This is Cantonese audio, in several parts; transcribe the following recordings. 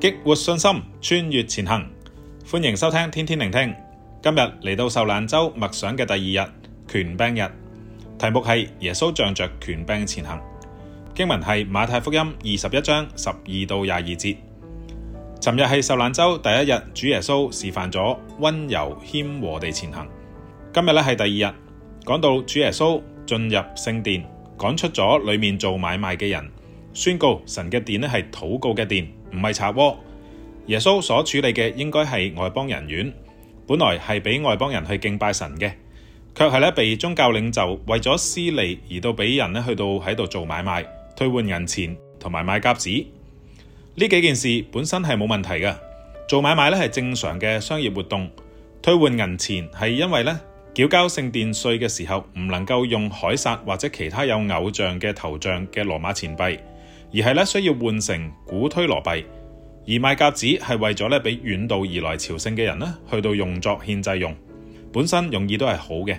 激活信心，穿越前行。歡迎收聽天天靈聽。今日嚟到受難週默想嘅第二日，權柄日。題目係耶穌仗着權柄前行。經文係馬太福音二十一章十二到廿二節。尋日係受難週第一日，主耶穌示範咗溫柔謙和地前行。今日咧係第二日，講到主耶穌進入聖殿，趕出咗裏面做買賣嘅人，宣告神嘅殿咧係禱告嘅殿。唔係賊窩，耶穌所處理嘅應該係外邦人院，本來係俾外邦人去敬拜神嘅，卻係咧被宗教領袖為咗私利而到俾人咧去到喺度做買賣、兌換銀錢同埋買鴿子。呢幾件事本身係冇問題噶，做買賣咧係正常嘅商業活動，兌換銀錢係因為咧繳交聖殿稅嘅時候唔能夠用凱撒或者其他有偶像嘅頭像嘅羅馬錢幣。而係咧，需要換成古推羅幣；而賣鴿子係為咗咧，俾遠道而來朝聖嘅人咧，去到用作獻祭用。本身用意都係好嘅。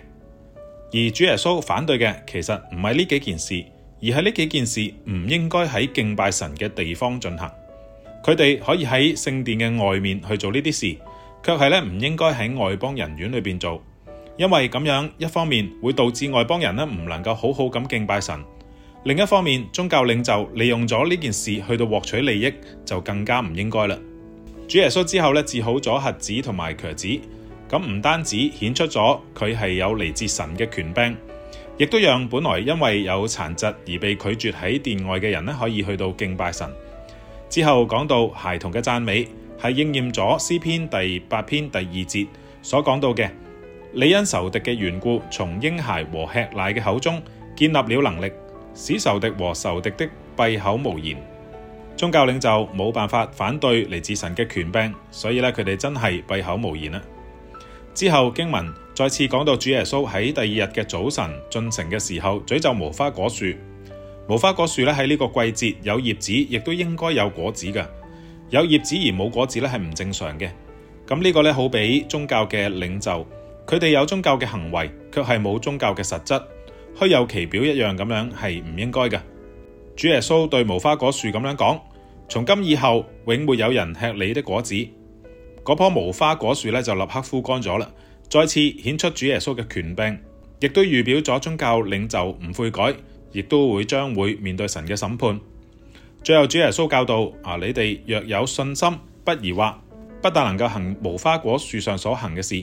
而主耶穌反對嘅，其實唔係呢幾件事，而係呢幾件事唔應該喺敬拜神嘅地方進行。佢哋可以喺聖殿嘅外面去做呢啲事，卻係咧唔應該喺外邦人院裏邊做，因為咁樣一方面會導致外邦人咧唔能夠好好咁敬拜神。另一方面，宗教領袖利用咗呢件事去到獲取利益，就更加唔應該啦。主耶穌之後咧，治好咗瞎子同埋瘸子，咁唔單止顯出咗佢係有嚟自神嘅權柄，亦都讓本來因為有殘疾而被拒絕喺殿外嘅人咧，可以去到敬拜神。之後講到孩童嘅讚美，係應驗咗詩篇第八篇第二節所講到嘅：你因仇敵嘅緣故，從嬰孩和吃奶嘅口中建立了能力。使仇敵和仇敵的閉口無言，宗教領袖冇辦法反對嚟自神嘅權柄，所以咧佢哋真係閉口無言啦。之後經文再次講到主耶穌喺第二日嘅早晨進城嘅時候，詛咒無花果樹。無花果樹咧喺呢個季節有葉子，亦都應該有果子噶。有葉子而冇果子咧係唔正常嘅。咁呢個咧好比宗教嘅領袖，佢哋有宗教嘅行為，卻係冇宗教嘅實質。虛有其表一樣咁樣係唔應該嘅。主耶穌對無花果樹咁樣講：「從今以後，永沒有人吃你的果子。嗰棵無花果樹咧就立刻枯乾咗啦。再次顯出主耶穌嘅權柄，亦都預表咗宗教領袖唔悔改，亦都會將會面對神嘅審判。最後，主耶穌教導：，啊，你哋若有信心，不疑惑，不但能夠行無花果樹上所行嘅事，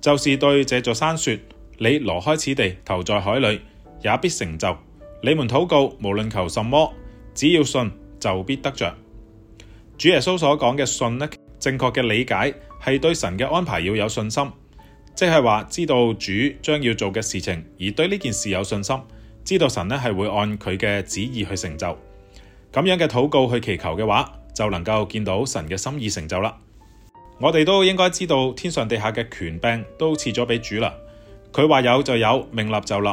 就是對這座山說：「你挪開此地，投在海裏。也必成就。你們禱告，無論求什麼，只要信，就必得着。主耶穌所講嘅信呢，正確嘅理解係對神嘅安排要有信心，即係話知道主將要做嘅事情，而對呢件事有信心，知道神呢係會按佢嘅旨意去成就。咁樣嘅禱告去祈求嘅話，就能夠見到神嘅心意成就啦。我哋都應該知道天上地下嘅權柄都賜咗俾主啦，佢話有就有，命立就立。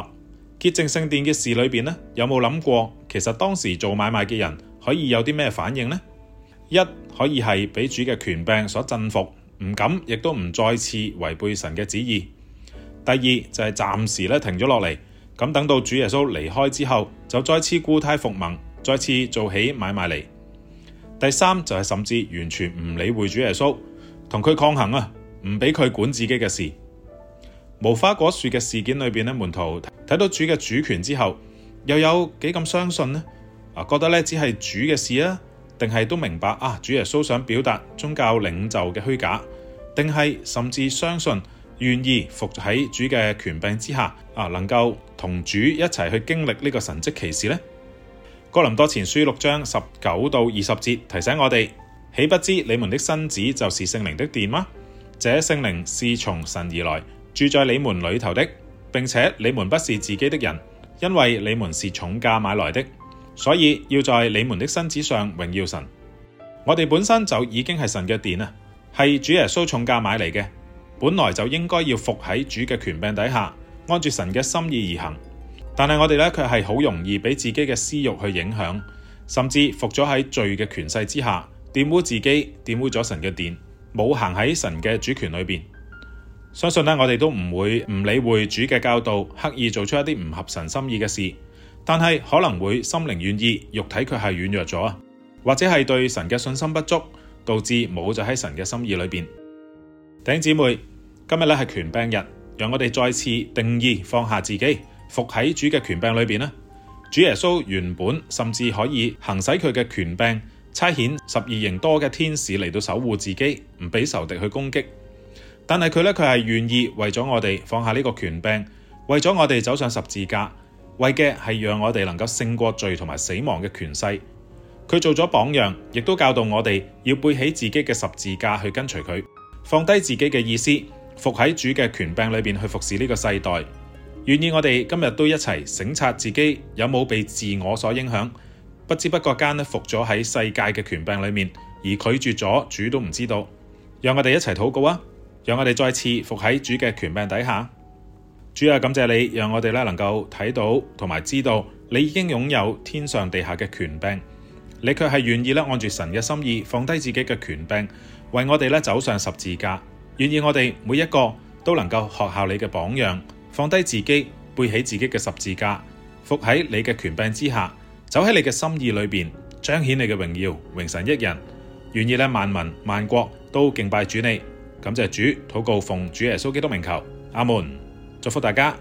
潔淨聖殿嘅事裏邊呢，有冇諗過？其實當時做買賣嘅人可以有啲咩反應呢？一，可以係俾主嘅權柄所鎮伏，唔敢亦都唔再次違背神嘅旨意；第二就係、是、暫時咧停咗落嚟，咁等到主耶穌離開之後，就再次故態復萌，再次做起買賣嚟；第三就係、是、甚至完全唔理會主耶穌，同佢抗衡啊，唔俾佢管自己嘅事。無花果樹嘅事件裏邊咧，門徒睇到主嘅主權之後，又有幾咁相信呢？啊，覺得咧只係主嘅事啊，定係都明白啊？主耶穌想表達宗教領袖嘅虛假，定係甚至相信願意伏喺主嘅權柄之下啊，能夠同主一齊去經歷呢個神蹟奇事呢？哥林多前書六章十九到二十節提醒我哋：豈不知你們的身子就是聖靈的殿嗎？這聖靈是從神而來。住在你們裏頭的，並且你們不是自己的人，因為你們是重價買來的，所以要在你們的身子上榮耀神。我哋本身就已經係神嘅殿啊，係主耶穌重價買嚟嘅，本來就應該要伏喺主嘅權柄底下，按住神嘅心意而行。但係我哋呢，卻係好容易俾自己嘅私欲去影響，甚至服咗喺罪嘅權勢之下，玷污自己，玷污咗神嘅殿，冇行喺神嘅主權裏邊。相信咧，我哋都唔會唔理會主嘅教導，刻意做出一啲唔合神心意嘅事。但係可能會心靈願意，肉體卻係軟弱咗，或者係對神嘅信心不足，導致冇就喺神嘅心意裏邊。弟兄姊妹，今日咧係權柄日，讓我哋再次定義放下自己，伏喺主嘅權柄裏邊啦。主耶穌原本甚至可以行使佢嘅權柄，差遣十二型多嘅天使嚟到守護自己，唔俾仇敵去攻擊。但係佢呢，佢係願意為咗我哋放下呢個權柄，為咗我哋走上十字架，為嘅係讓我哋能夠勝過罪同埋死亡嘅權勢。佢做咗榜樣，亦都教導我哋要背起自己嘅十字架去跟隨佢，放低自己嘅意思，伏喺主嘅權柄裏邊去服侍呢個世代。願意我哋今日都一齊省察自己有冇被自我所影響，不知不覺間伏咗喺世界嘅權柄裏面，而拒絕咗主都唔知道。讓我哋一齊禱告啊！讓我哋再次伏喺主嘅權柄底下。主啊，感謝你，讓我哋咧能夠睇到同埋知道，你已經擁有天上地下嘅權柄，你卻係願意咧按住神嘅心意放低自己嘅權柄，為我哋咧走上十字架，願意我哋每一個都能夠學效你嘅榜樣，放低自己，背起自己嘅十字架，伏喺你嘅權柄之下，走喺你嘅心意裏邊，彰顯你嘅榮耀，榮神益人。願意咧萬民萬國都敬拜主你。感謝主，禱告奉主耶穌基督名求，阿門，祝福大家。